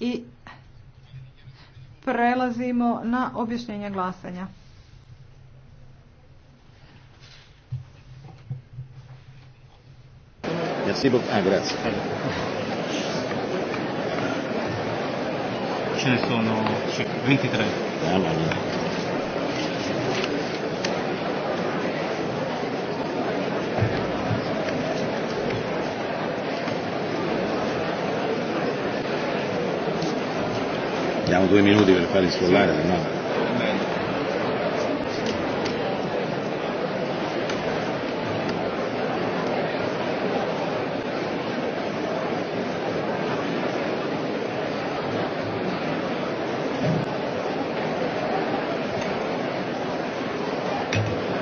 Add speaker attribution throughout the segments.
Speaker 1: i prelazimo na objašnjenje glasanja. Merci beaucoup. Ah, grazie. Ce ne sono 23. Ah, due minuti per farli sfollare, no?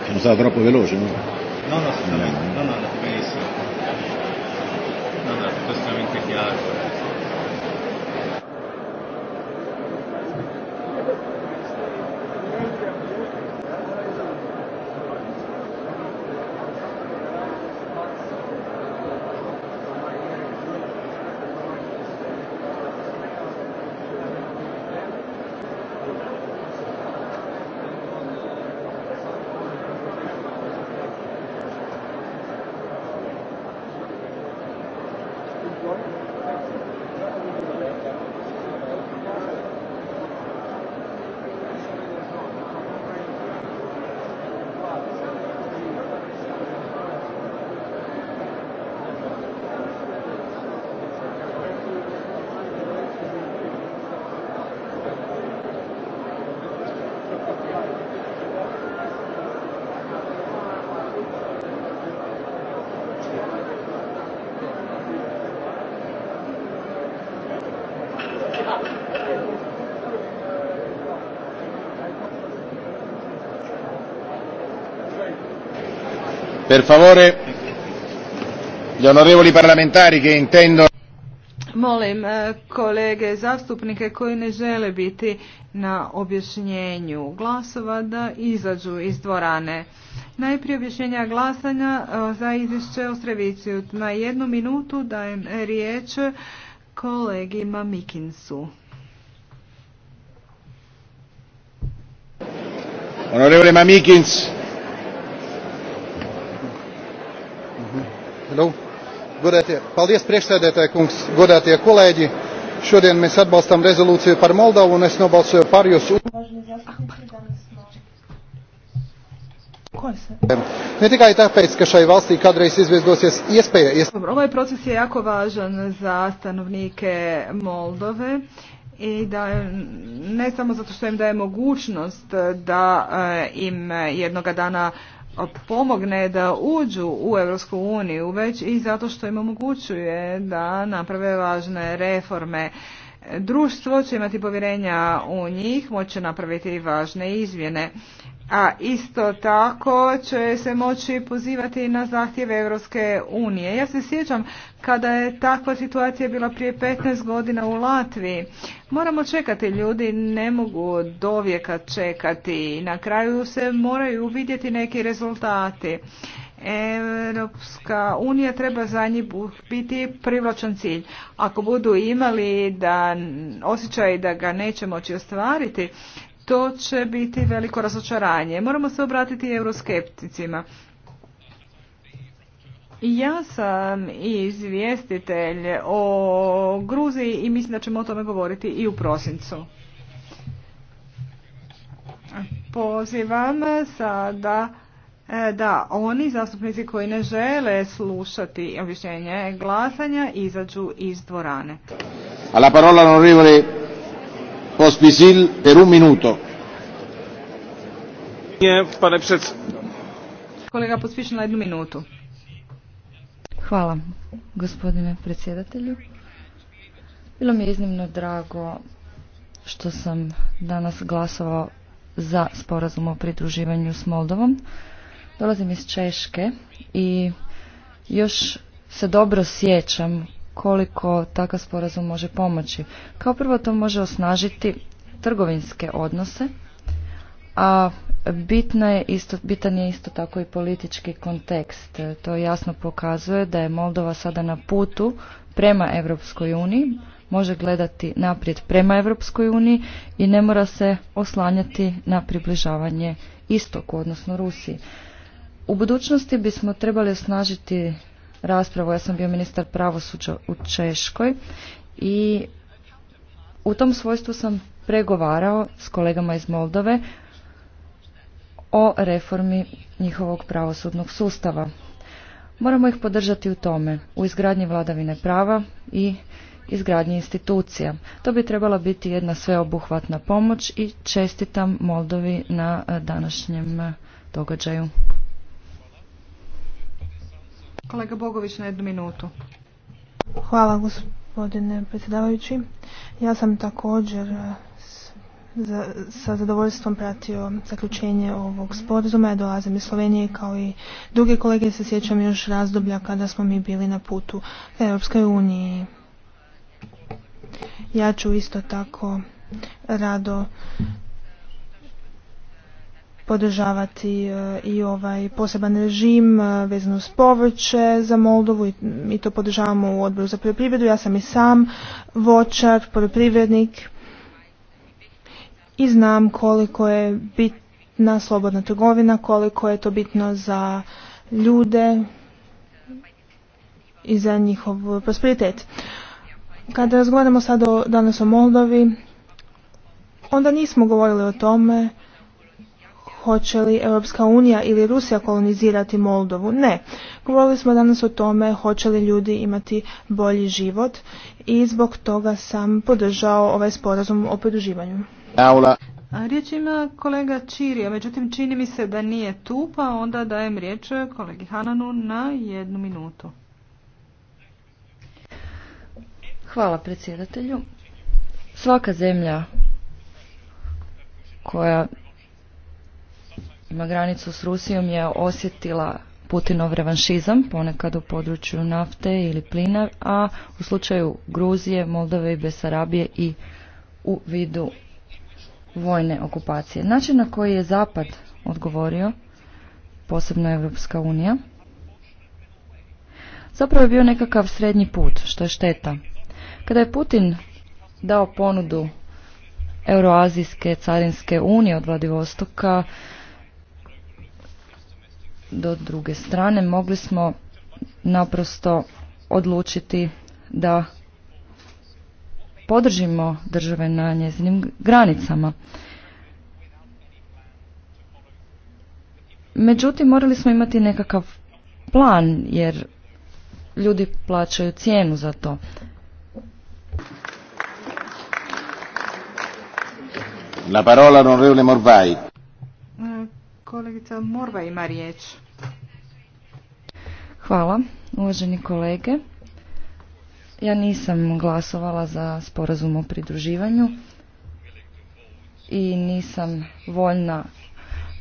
Speaker 1: Sono stato troppo veloce, no?
Speaker 2: No, no, no.
Speaker 1: Per favore, gli onorevoli parlamentari che Molim eh, kolege zastupnike koji ne žele biti na objašnjenju glasova da izađu iz dvorane. Najprije objašnjenja glasanja eh, za izvješće o Streviciju. Na jednu minutu dajem riječ kolegi Mamikinsu. Onorevole Mamikins.
Speaker 3: paldies priekšsēdētāji kungs, godātie kolēģi. Šodien mēs atbalstām rezolūciju par Moldovu un es nobalsoju par jūsu. Ne tikai tāpēc, ka šai valstī kādreiz izviesdosies iespēja. Ies...
Speaker 1: Ovaj proces je jako važan za stanovnike Moldove i da ne samo zato što im daje mogućnost da eh, im jednoga dana pomogne da uđu u Europsku uniju, već i zato što im omogućuje da naprave važne reforme Društvo će imati povjerenja u njih, moće napraviti važne izmjene, a isto tako će se moći pozivati na zahtjeve Europske unije. Ja se sjećam kada je takva situacija bila prije 15 godina u Latviji. Moramo čekati, ljudi ne mogu dovijeka čekati. Na kraju se moraju vidjeti neki rezultati. Europska unija treba za njih biti privlačan cilj. Ako budu imali da osjećaj da ga neće moći ostvariti, to će biti veliko razočaranje. Moramo se obratiti euroskepticima. Ja sam izvjestitelj o Gruziji i mislim da ćemo o tome govoriti i u prosincu. Pozivam sada E, da oni zastupnici koji ne žele slušati objašnjenje glasanja izađu iz dvorane. Alla parola onorevole Pospisil per un minuto. pane Kolega Pospisil na jednu minutu.
Speaker 3: Hvala, gospodine predsjedatelju. Bilo mi je iznimno drago što sam danas glasovao za sporazum o pridruživanju s Moldovom. Dolazim iz Češke i još se dobro sjećam koliko takav sporazum može pomoći. Kao prvo to može osnažiti trgovinske odnose, a bitna je isto, bitan je isto tako i politički kontekst. To jasno pokazuje da je Moldova sada na putu prema Europskoj uniji, može gledati naprijed prema Europskoj uniji i ne mora se oslanjati na približavanje istoku, odnosno Rusiji. U budućnosti bismo trebali osnažiti raspravu. Ja sam bio ministar pravosuđa u Češkoj i u tom svojstvu sam pregovarao s kolegama iz Moldove o reformi njihovog pravosudnog sustava. Moramo ih podržati u tome, u izgradnji vladavine prava i izgradnji institucija. To bi trebala biti jedna sveobuhvatna pomoć i čestitam Moldovi na eh, današnjem eh, događaju.
Speaker 2: Kolega Bogović na jednu minutu. Hvala gospodine predsjedavajući. Ja sam također eh, sa zadovoljstvom pratio zaključenje ovog sporazuma. Ja dolazim iz Slovenije kao i druge kolege se sjećam još razdoblja kada smo mi bili na putu u Europskoj uniji. Ja ću isto tako rado podržavati e, i ovaj poseban režim e, vezano s povrće za Moldovu i mi to podržavamo u odboru za poljoprivredu. Ja sam i sam vočar, poljoprivrednik i znam koliko je bitna slobodna trgovina, koliko je to bitno za ljude i za njihov prosperitet. Kada razgovaramo sada danas o Moldovi, onda nismo govorili o tome hoće li Europska unija ili Rusija kolonizirati Moldovu. Ne. Govorili smo danas o tome hoće li ljudi imati bolji život i zbog toga sam podržao ovaj sporazum o pridruživanju.
Speaker 1: Riječ ima kolega Čirija, međutim čini mi se da nije tu, pa onda dajem riječ kolegi Hananu na jednu minutu.
Speaker 3: Hvala predsjedatelju. Svaka zemlja koja na granicu s Rusijom je osjetila Putinov revanšizam, ponekad u području nafte ili plina, a u slučaju Gruzije, Moldove i Besarabije i u vidu vojne okupacije. Način na koji je Zapad odgovorio, posebno Evropska unija, zapravo je bio nekakav srednji put, što je šteta. Kada je Putin dao ponudu Euroazijske carinske unije od Vladivostoka, do druge strane, mogli smo naprosto odlučiti da podržimo države na njezinim granicama. Međutim, morali smo imati nekakav plan, jer ljudi plaćaju cijenu za to.
Speaker 1: La parola onorevole Morvai. Kolegica Morva ima riječ.
Speaker 3: Hvala, uvaženi kolege. Ja nisam glasovala za sporazum o pridruživanju i nisam voljna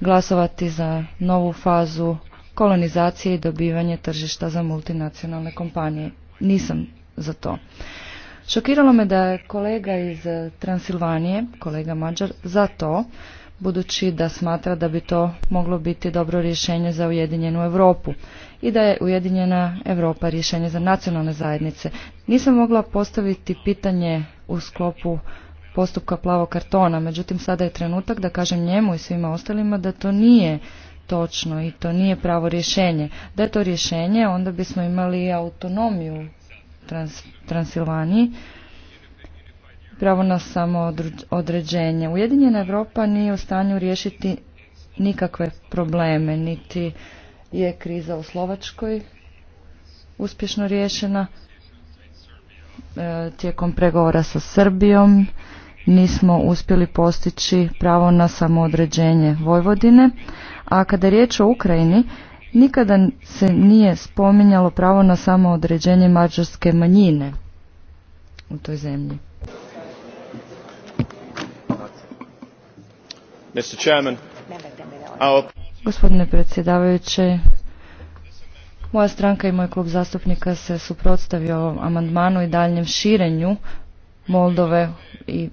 Speaker 3: glasovati za novu fazu kolonizacije i dobivanje tržišta za multinacionalne kompanije. Nisam za to. Šokiralo me da je kolega iz Transilvanije, kolega Mađar, za to, budući da smatra da bi to moglo biti dobro rješenje za Ujedinjenu Europu i da je Ujedinjena Europa rješenje za nacionalne zajednice. Nisam mogla postaviti pitanje u sklopu postupka plavo kartona, međutim sada je trenutak da kažem njemu i svima ostalima da to nije točno i to nije pravo rješenje. Da je to rješenje, onda bismo imali autonomiju Transilvaniji, pravo na samoodređenje. Ujedinjena Europa nije u stanju riješiti nikakve probleme, niti je kriza u Slovačkoj uspješno riješena. E, tijekom pregovora sa Srbijom nismo uspjeli postići pravo na samoodređenje Vojvodine, a kada je riječ o Ukrajini, nikada se nije spominjalo pravo na samoodređenje mađarske manjine u toj zemlji. Gospodine predsjedavajući, moja stranka i moj klub zastupnika se suprotstavio ovom amandmanu i daljnjem širenju Moldove i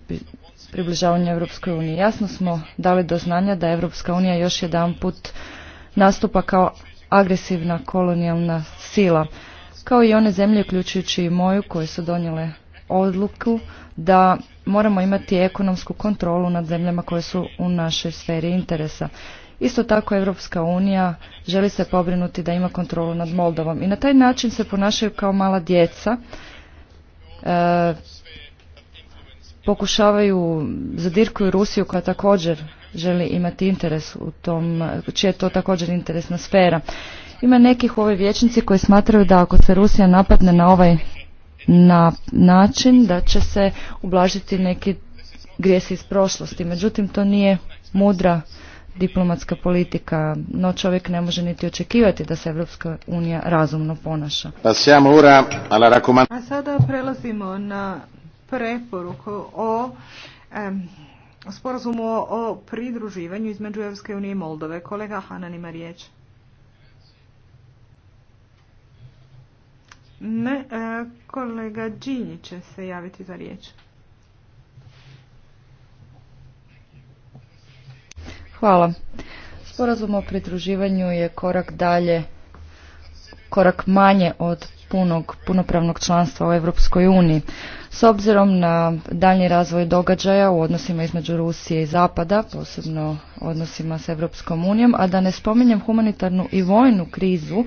Speaker 3: približavanju Europskoj uniji. Jasno smo dali do znanja da Europska unija još jedanput nastupa kao agresivna kolonijalna sila, kao i one zemlje uključujući i moju koje su donijele odluku da moramo imati ekonomsku kontrolu nad zemljama koje su u našoj sferi interesa. Isto tako Europska unija želi se pobrinuti da ima kontrolu nad Moldovom i na taj način se ponašaju kao mala djeca. E, pokušavaju, zadirkuju Rusiju koja također želi imati interes u tom, čija je to također interesna sfera. Ima nekih u ovoj vječnici koji smatraju da ako se Rusija napadne na ovaj na način da će se ublažiti neki grijesi iz prošlosti. Međutim, to nije mudra
Speaker 1: diplomatska
Speaker 3: politika, no čovjek ne može niti očekivati da se Evropska unija razumno ponaša.
Speaker 1: A sada prelazimo na preporuku o sporazumu o, pridruživanju između Evropske unije i Moldove. Kolega Hanan ima riječ. Ne, e, kolega Đinji će se javiti za riječ.
Speaker 3: Hvala. Sporazum o pridruživanju je korak dalje, korak manje od punog, punopravnog članstva u Europskoj uniji. S obzirom na daljnji razvoj događaja u odnosima između Rusije i Zapada, posebno odnosima s Europskom unijom, a da ne spominjem humanitarnu i vojnu krizu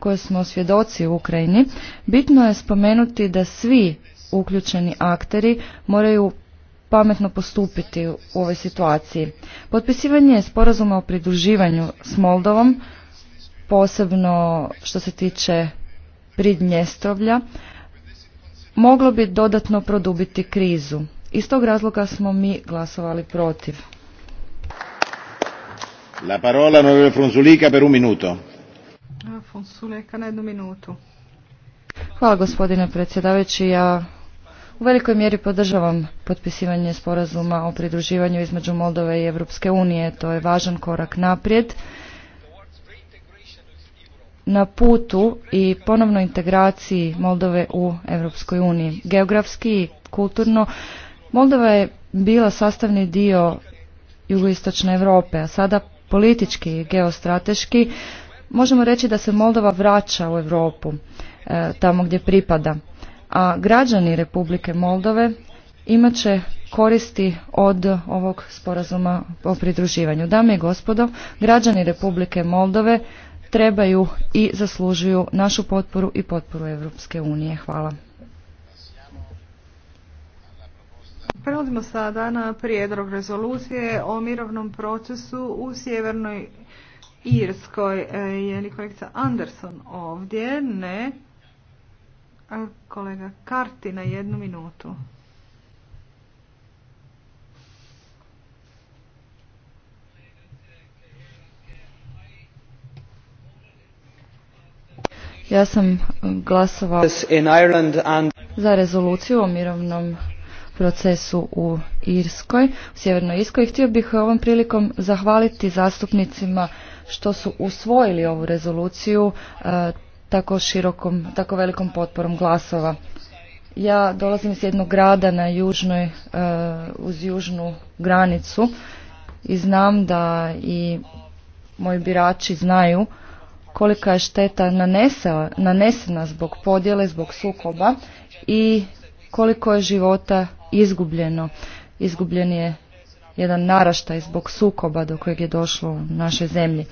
Speaker 3: koje smo svjedoci u Ukrajini, bitno je spomenuti da svi uključeni akteri moraju pametno postupiti u ovoj situaciji. Potpisivanje sporazuma o pridruživanju s Moldovom, posebno što se tiče Pridnjestrovlja, moglo bi dodatno produbiti krizu. Iz tog razloga smo mi glasovali protiv.
Speaker 1: La parola, Frunzulika, per un minuto na jednu minutu.
Speaker 3: Hvala gospodine predsjedavajući. Ja
Speaker 1: u velikoj mjeri
Speaker 3: podržavam potpisivanje sporazuma o pridruživanju između Moldove i Europske unije. To je važan korak naprijed na putu i ponovnoj integraciji Moldove u Europskoj uniji. Geografski i kulturno Moldova je bila sastavni dio jugoistočne Europe, a sada politički i geostrateški Možemo reći da se Moldova vraća u Europu, e, tamo gdje pripada, a građani Republike Moldove imat će koristi od ovog sporazuma o pridruživanju. Dame i gospodo, građani Republike Moldove trebaju i zaslužuju našu potporu i potporu Europske unije. Hvala.
Speaker 1: Prelazimo sada na prijedlog rezolucije o mirovnom procesu u Sjevernoj Irskoj. E, je li kolegica Anderson ovdje? Ne. kolega Karti na jednu minutu. Ja sam glasovao
Speaker 3: za rezoluciju o mirovnom procesu u Irskoj, u Sjevernoj Irskoj. Htio bih ovom prilikom zahvaliti zastupnicima što su usvojili ovu rezoluciju e, tako širokom, tako velikom potporom glasova. Ja dolazim iz jednog grada na južnoj, e, uz južnu granicu i znam da i moji birači znaju kolika je šteta nanesena zbog podjele, zbog sukoba i koliko je života izgubljeno. Izgubljen je jedan naraštaj zbog sukoba do kojeg je došlo u našoj zemlji.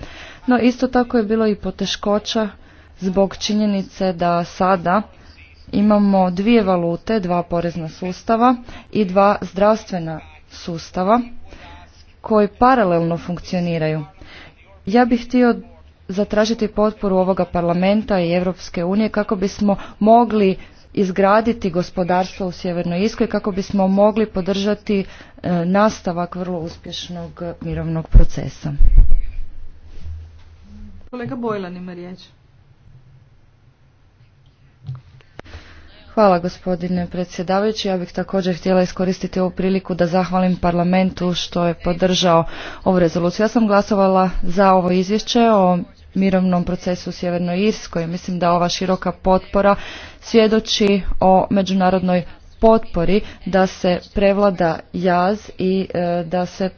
Speaker 3: No isto tako je bilo i poteškoća zbog činjenice da sada imamo dvije valute, dva porezna sustava i dva zdravstvena sustava koji paralelno funkcioniraju. Ja bih htio zatražiti potporu ovoga parlamenta i Europske unije kako bismo mogli izgraditi gospodarstvo u Sjevernoj Iskoj kako bismo mogli podržati e, nastavak vrlo uspješnog mirovnog procesa.
Speaker 1: Kolega Bojlan ima riječ.
Speaker 3: Hvala gospodine predsjedavajući. Ja bih također htjela iskoristiti ovu priliku da zahvalim parlamentu što je podržao ovu rezoluciju. Ja sam glasovala za ovo izvješće o mirovnom procesu u Sjevernoj Irskoj. Mislim da ova široka potpora svjedoči o međunarodnoj potpori da se prevlada jaz i e, da se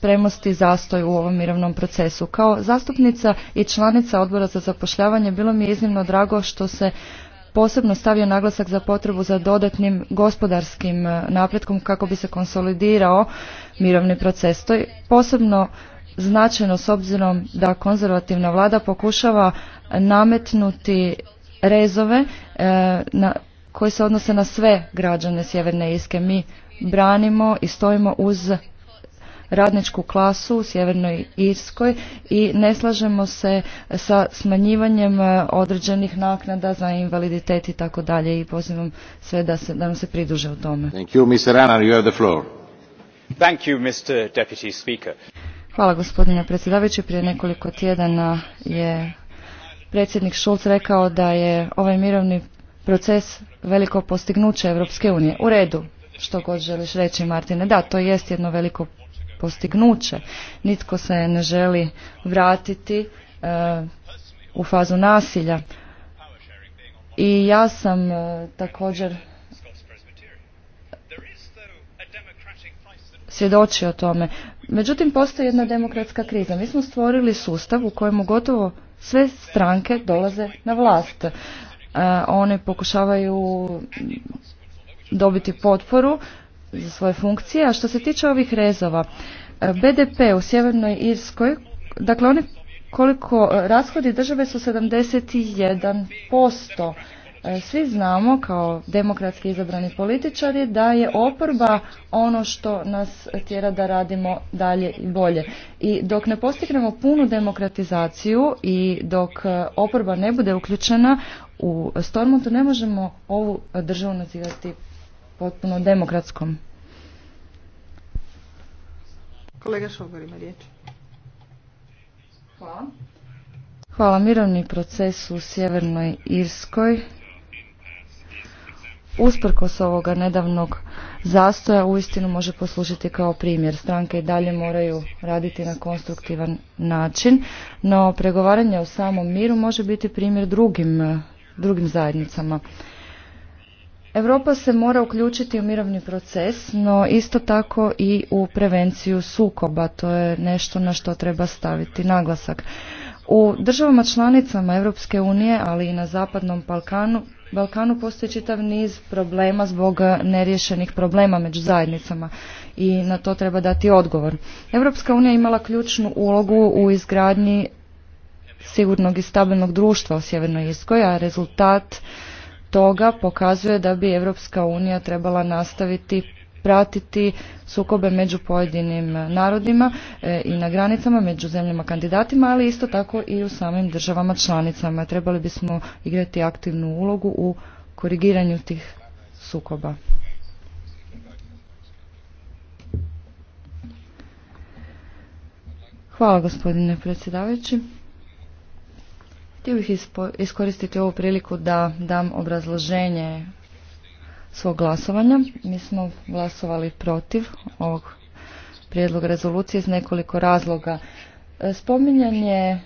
Speaker 3: premosti zastoj u ovom mirovnom procesu. Kao zastupnica i članica odbora za zapošljavanje bilo mi je iznimno drago što se posebno stavio naglasak za potrebu za dodatnim gospodarskim e, napretkom kako bi se konsolidirao mirovni proces. To je posebno značajno s obzirom da konzervativna vlada pokušava nametnuti rezove e, na, koji se odnose na sve građane Sjeverne Irske. Mi branimo i stojimo uz radničku klasu u Sjevernoj Irskoj i ne slažemo se sa smanjivanjem e, određenih naknada za invaliditet i tako dalje i pozivam sve da, se, da nam se priduže u tome.
Speaker 1: Thank you, Mr. Deputy Speaker.
Speaker 3: Hvala gospodine predsjedavajući. Prije nekoliko tjedana je predsjednik Šulc rekao da je ovaj mirovni proces veliko postignuće Europske unije. U redu, što god želiš reći Martine. Da, to jest jedno veliko postignuće. Nitko se ne želi vratiti e, u fazu nasilja. I ja sam e, također svjedočio tome. Međutim, postoji jedna demokratska kriza. Mi smo stvorili sustav u kojemu gotovo sve stranke dolaze na vlast. E, one pokušavaju dobiti potporu za svoje funkcije, a što se tiče ovih rezova, e, BDP u Sjevernoj Irskoj, dakle oni koliko e, rashodi države su 71%, E, svi znamo kao demokratski izabrani političari da je oporba ono što nas tjera da radimo dalje i bolje. I dok ne postignemo punu demokratizaciju i dok e, oporba ne bude uključena u Stormontu ne možemo ovu državu nazivati potpuno demokratskom.
Speaker 1: Kolega Šogor ima riječ.
Speaker 3: Hvala. Hvala. Mirovni proces u Sjevernoj Irskoj usprkos ovoga nedavnog zastoja uistinu može poslužiti kao primjer. Stranke i dalje moraju raditi na konstruktivan način, no pregovaranje o samom miru može biti primjer drugim, drugim zajednicama. Europa se mora uključiti u mirovni proces, no isto tako i u prevenciju sukoba. To je nešto na što treba staviti naglasak. U državama članicama Europske unije, ali i na Zapadnom Balkanu, Balkanu postoji čitav niz problema zbog e, neriješenih problema među zajednicama i na to treba dati odgovor. Europska unija imala ključnu ulogu u izgradnji sigurnog i stabilnog društva u Sjevernoj Iskoj, a rezultat toga pokazuje da bi Europska unija trebala nastaviti pratiti sukobe među pojedinim narodima e, i na granicama među zemljama kandidatima, ali isto tako i u samim državama članicama. Trebali bismo igrati aktivnu ulogu u korigiranju tih sukoba. Hvala gospodine predsjedavajući. Htio bih iskoristiti ovu priliku da dam obrazloženje svog glasovanja. Mi smo glasovali protiv ovog prijedloga rezolucije iz nekoliko razloga. E, spominjanje e,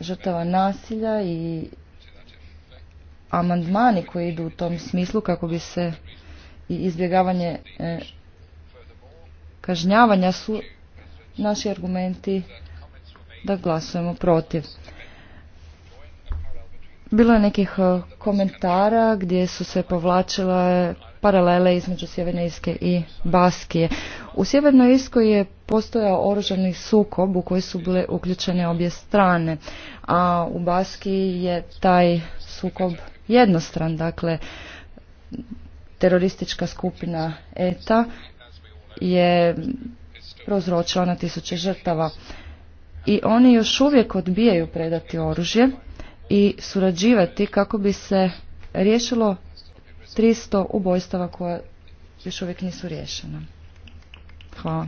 Speaker 3: žrtava nasilja i amandmani koji idu u tom smislu kako bi se i izbjegavanje e, kažnjavanja su naši argumenti da glasujemo protiv. Bilo je nekih e, komentara gdje su se povlačile paralele između Sjeverne Iske i Baskije. U Sjevernoj Iskoj je postojao oružani sukob u koji su bile uključene obje strane, a u Baskiji je taj sukob jednostran, dakle teroristička skupina ETA je prozročila na tisuće žrtava i oni još uvijek odbijaju predati oružje i surađivati kako bi se riješilo 300 ubojstava koja još uvijek nisu riješena. Hvala.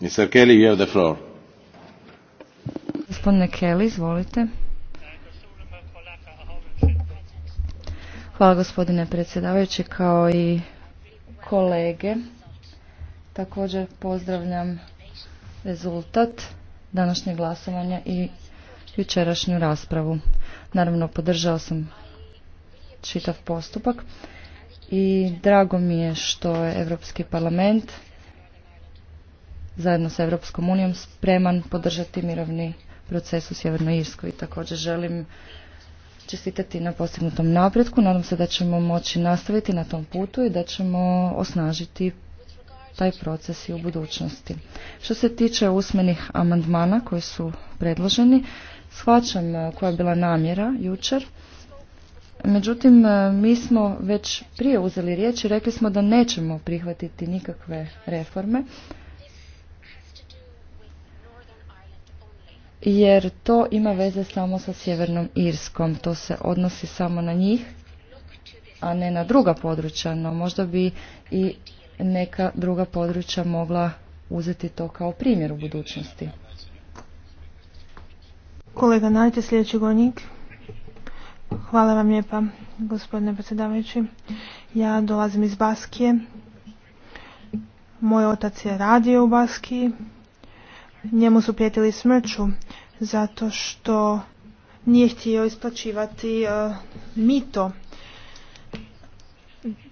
Speaker 1: Kelly, you the floor.
Speaker 3: Gospodine Kelly, izvolite. Hvala gospodine predsjedavajući kao i kolege. Također pozdravljam rezultat današnjeg glasovanja i jučerašnju raspravu. Naravno, podržao sam čitav postupak i drago mi je što je Europski parlament zajedno sa Europskom unijom spreman podržati mirovni proces u Sjevernoj Irskoj. Također želim čestitati na postignutom napretku. Nadam se da ćemo moći nastaviti na tom putu i da ćemo osnažiti taj proces i u budućnosti. Što se tiče usmenih amandmana koji su predloženi, Shvaćam e, koja je bila namjera jučer. Međutim, e, mi smo već prije uzeli riječ i rekli smo da nećemo prihvatiti nikakve reforme. Jer to ima veze samo sa Sjevernom Irskom. To se odnosi samo na njih, a ne na druga područja. No možda bi i neka druga područja mogla uzeti to kao primjer u budućnosti.
Speaker 2: Kolega Najte, sljedeći govornik. Hvala vam lijepa, gospodine predsjedavajući. Ja dolazim iz Baskije. Moj otac je radio u Baskiji. Njemu su prijetili smrću zato što nije htio isplaćivati e, mito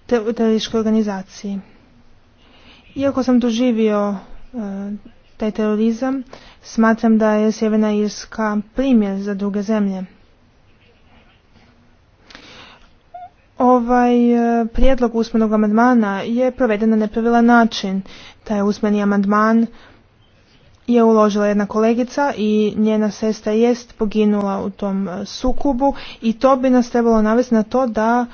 Speaker 2: terorističkoj organizaciji. Iako sam doživio e, taj terorizam, smatram da je Sjeverna Irska primjer za druge zemlje. Ovaj e, prijedlog usmenog amandmana je proveden na nepravilan način. Taj usmeni amandman je uložila jedna kolegica i njena sesta jest poginula u tom e, sukobu i to bi nas trebalo navesti na to da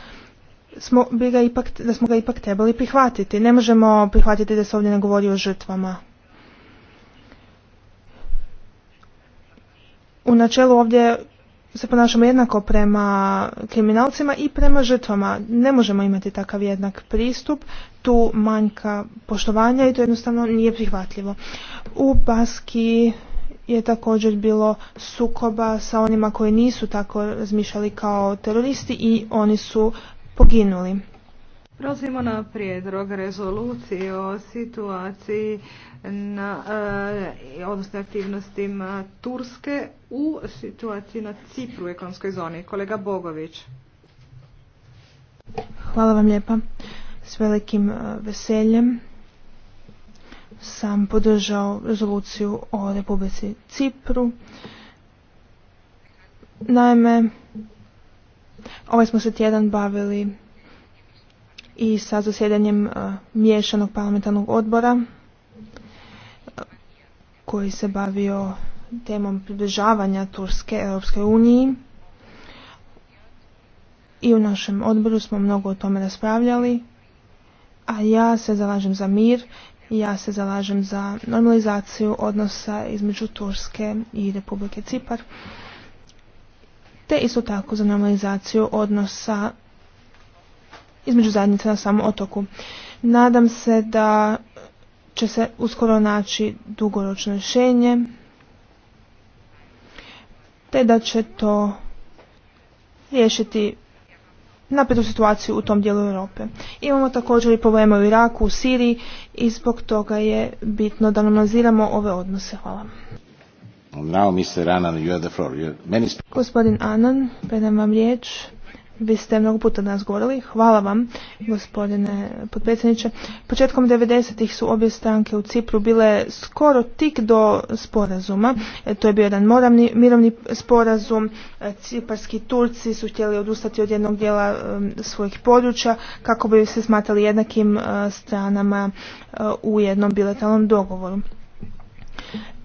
Speaker 2: ipak, da smo ga ipak trebali prihvatiti. Ne možemo prihvatiti da se ovdje ne govori o žrtvama. u načelu ovdje se ponašamo jednako prema kriminalcima i prema žrtvama. Ne možemo imati takav jednak pristup, tu manjka poštovanja i to jednostavno nije prihvatljivo. U Baski je također bilo sukoba sa onima koji nisu tako razmišljali kao teroristi i oni su poginuli.
Speaker 1: Prelazimo na prijedrog rezolucije o situaciji na, e, odnosno aktivnostima Turske u situaciji na Cipru u ekonomskoj zoni. Kolega Bogović.
Speaker 2: Hvala vam lijepa. S velikim e, veseljem sam podržao rezoluciju o Republici Cipru. Naime, ovaj smo se tjedan bavili i sa zasjedanjem e, miješanog parlamentarnog odbora e, koji se bavio temom približavanja Turske Europskoj uniji. I u našem odboru smo mnogo o tome raspravljali, a ja se zalažem za mir, ja se zalažem za normalizaciju odnosa između Turske i Republike Cipar, te isto tako za normalizaciju odnosa između zajednice na samom otoku. Nadam se da će se uskoro naći dugoročno rješenje te da će to riješiti napetu situaciju u tom dijelu Europe. Imamo također i probleme u Iraku, u Siriji i zbog toga je bitno da analiziramo ove odnose. Hvala. Gospodin Anan, predam vam riječ. Vi ste mnogo puta nas govorili. Hvala vam, gospodine potpredsjedniče. Početkom 90 su obje stranke u Cipru bile skoro tik do sporazuma. E, to je bio jedan moravni, mirovni sporazum. E, ciparski Turci su htjeli odustati od jednog dijela e, svojih područja kako bi se smatrali jednakim stranama u jednom bilateralnom dogovoru.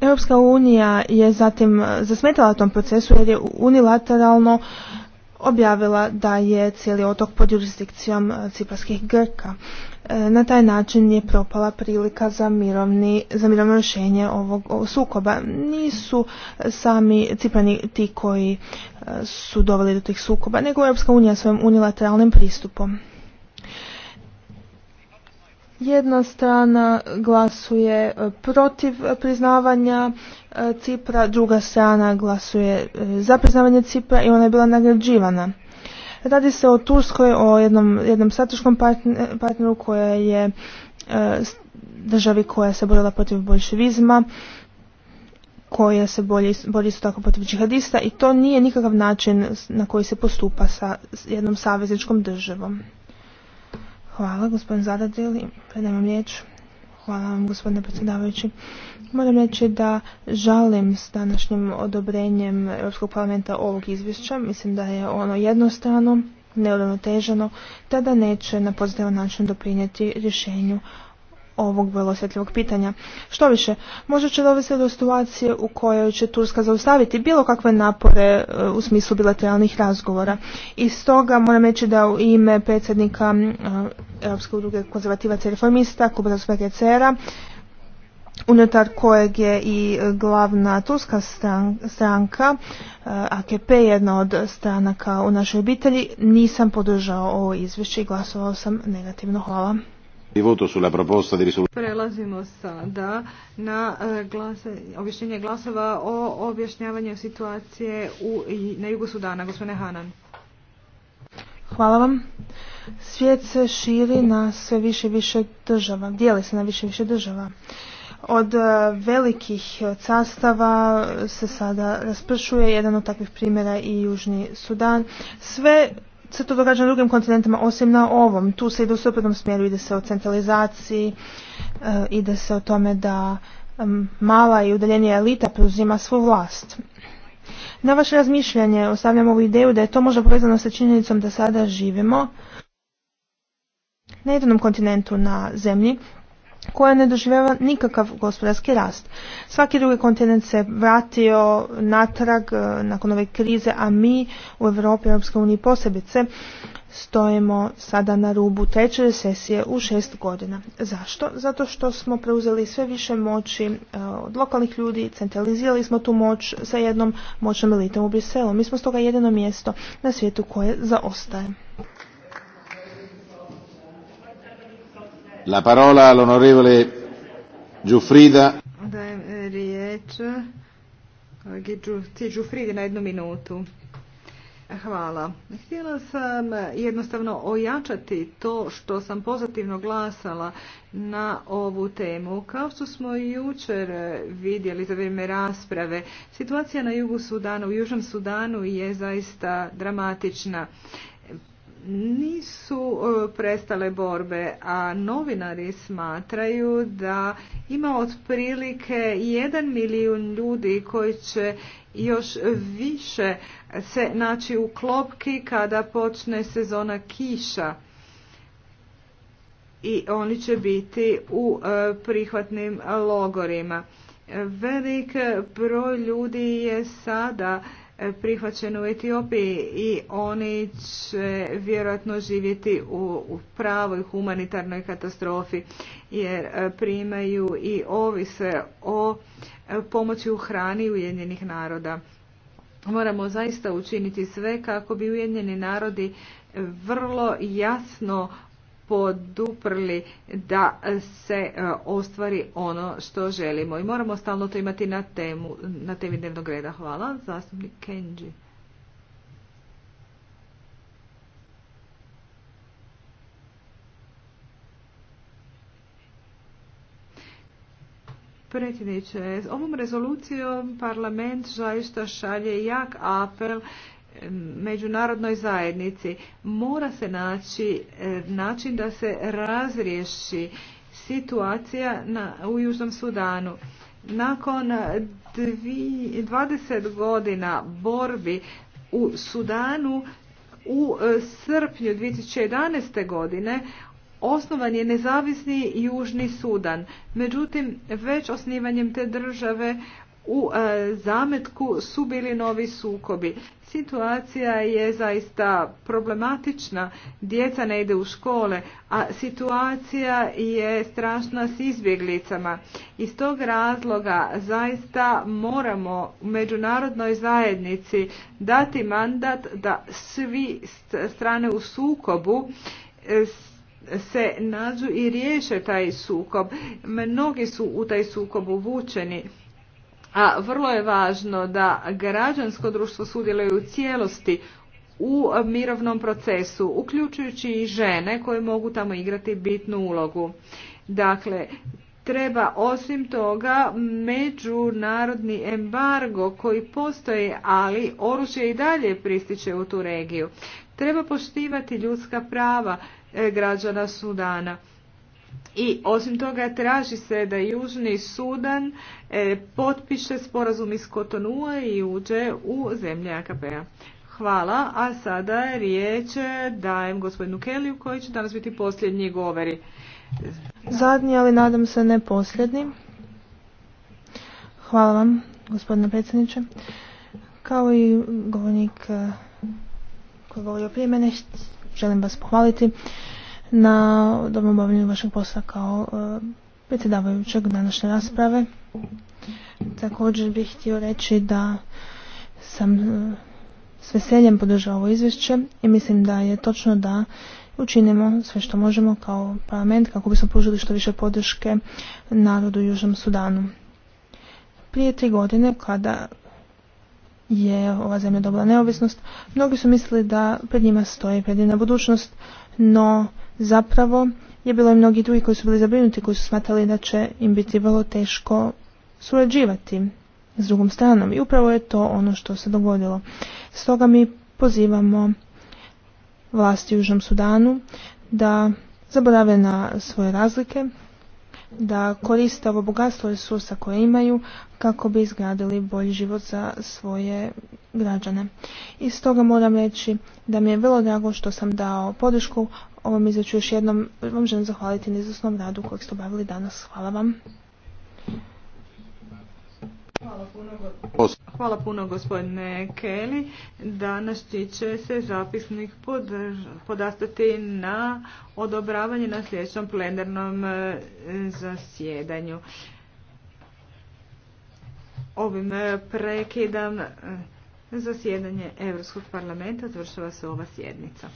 Speaker 2: Europska unija je zatim zasmetala tom procesu jer je unilateralno objavila da je cijeli otok pod jurisdikcijom e, ciparskih Grka. E, na taj način je propala prilika za, mirovni, za mirovno rješenje ovog sukoba. Nisu e, sami Cipani ti koji su doveli do tih sukoba, nego Europska unija svojim unilateralnim pristupom. Jedna strana glasuje protiv priznavanja E, Cipra, druga strana glasuje e, za priznavanje Cipra i ona je bila nagrađivana. Radi se o Turskoj, o jednom, jednom strateškom partneru koja je e, državi koja se borila protiv bolševizma, koja se bolji su tako protiv džihadista i to nije nikakav način na koji se postupa sa jednom savezničkom državom. Hvala gospodin Zadadil, predajem vam riječ. Hvala vam gospodine predsjedavajući. Moram reći da žalim s današnjim odobrenjem Europskog parlamenta ovog izvješća. Mislim da je ono jednostrano, neuravnoteženo, te da neće na pozitivan način doprinijeti rješenju ovog vrlo osjetljivog pitanja. Što više, možda će dovesti do situacije u kojoj će Turska zaustaviti bilo kakve napore e, u smislu bilateralnih razgovora. I stoga moram reći da u ime predsjednika e, Europske udruge konzervativaca i reformista, Kluba za Cera unutar kojeg je i e, glavna turska stranka, e, AKP jedna od stranaka u našoj obitelji, nisam podržao ovo izvješće i glasovao sam negativno. Hvala.
Speaker 1: Prelazimo sada na e, glase, objašnjenje glasova o objašnjavanju situacije u, na jugu Sudana. Gospodine Hanan.
Speaker 2: Hvala vam. Svijet se širi na sve više i više država. Dijeli se na više više država od e, velikih e, carstava e, se sada raspršuje. Jedan od takvih primjera i Južni Sudan. Sve se to događa na drugim kontinentima osim na ovom. Tu se ide u suprotnom smjeru, ide se o centralizaciji, ide se o tome da mala i udaljenija elita preuzima svu vlast. Na vaše razmišljanje ostavljam ovu ideju da je to možda povezano sa činjenicom da sada živimo na jednom kontinentu na zemlji koja ne doživljava nikakav gospodarski rast. Svaki drugi kontinent se vratio natrag e, nakon ove krize, a mi u Europi i Europskoj uniji posebice stojimo sada na rubu treće recesije u šest godina. Zašto? Zato što smo preuzeli sve više moći e, od lokalnih ljudi, centralizirali smo tu moć sa jednom moćnom elitom u Briselu. Mi smo stoga jedino mjesto na svijetu koje zaostaje.
Speaker 1: La parola all'onorevole eh, riječ kolegi na jednu minutu. Hvala. Htjela sam eh, jednostavno ojačati to što sam pozitivno glasala na ovu temu. Kao što smo jučer eh, vidjeli za vrijeme rasprave, situacija na jugu Sudanu, u Južnom Sudanu je zaista dramatična nisu e, prestale borbe, a novinari smatraju da ima otprilike jedan milijun ljudi koji će još više se naći u klopki kada počne sezona kiša i oni će biti u e, prihvatnim logorima. Velik broj ljudi je sada prihvaćen u Etiopiji i oni će vjerojatno živjeti u pravoj humanitarnoj katastrofi jer e, primaju i ovise o e, pomoći u hrani Ujedinjenih naroda. Moramo zaista učiniti sve kako bi Ujedinjeni narodi vrlo jasno poduprli da se e, ostvari ono što želimo. I moramo stalno to imati na, temu, na temi dnevnog reda. Hvala. Zastupnik Kenji. Predsjedniče, ovom rezolucijom parlament zaista šalje jak apel međunarodnoj zajednici mora se naći e, način da se razriješi situacija na, u Južnom Sudanu. Nakon e, dvi, 20 godina borbi u Sudanu u e, srpnju 2011. godine osnovan je nezavisni Južni Sudan. Međutim, već osnivanjem te države u e, zametku su bili novi sukobi. Situacija je zaista problematična, djeca ne ide u škole, a situacija je strašna s izbjeglicama. Iz tog razloga zaista moramo u međunarodnoj zajednici dati mandat da svi strane u sukobu e, se nađu i riješe taj sukob. Mnogi su u taj sukob uvučeni a vrlo je važno da građansko društvo sudjeluje u cijelosti u mirovnom procesu, uključujući i žene koje mogu tamo igrati bitnu ulogu. Dakle, treba osim toga međunarodni embargo koji postoji, ali oružje i dalje prističe u tu regiju. Treba poštivati ljudska prava e, građana Sudana i osim toga traži se da Južni Sudan e, potpiše sporazum iz Kotonua i uđe u zemlje AKP-a. Hvala, a sada riječ dajem gospodinu Keliju koji će danas biti posljednji govori.
Speaker 2: Zadnji, ali nadam se ne posljednji. Hvala vam, gospodine predsjedniče. Kao i govornik e, koji govorio prije mene, želim vas pohvaliti na dobro obavljanju vašeg posla kao e, predsjedavajućeg današnje rasprave. Također bih htio reći da sam e, s veseljem podržao ovo izvješće i mislim da je točno da učinimo sve što možemo kao parlament kako bismo pružili što više podrške narodu u Južnom Sudanu. Prije tri godine kada je ova zemlja dobila neovisnost, mnogi su mislili da pred njima stoji predivna budućnost, no zapravo je bilo i mnogi drugi koji su bili zabrinuti, koji su smatrali da će im biti vrlo teško surađivati s drugom stranom. I upravo je to ono što se dogodilo. Stoga mi pozivamo vlasti u Južnom Sudanu da zaborave na svoje razlike, da koriste ovo bogatstvo resursa koje imaju kako bi izgradili bolji život za svoje građane. I stoga moram reći da mi je vrlo drago što sam dao podršku ovom izveću još jednom. Vam želim zahvaliti na izvrsnom radu kojeg ste obavili danas. Hvala vam.
Speaker 1: Hvala puno, gospodine Kelly. Danas će se zapisnik podastati na odobravanje na sljedećom plenarnom e, zasjedanju. Ovim e, prekidam e, zasjedanje Europskog parlamenta, završava se ova sjednica.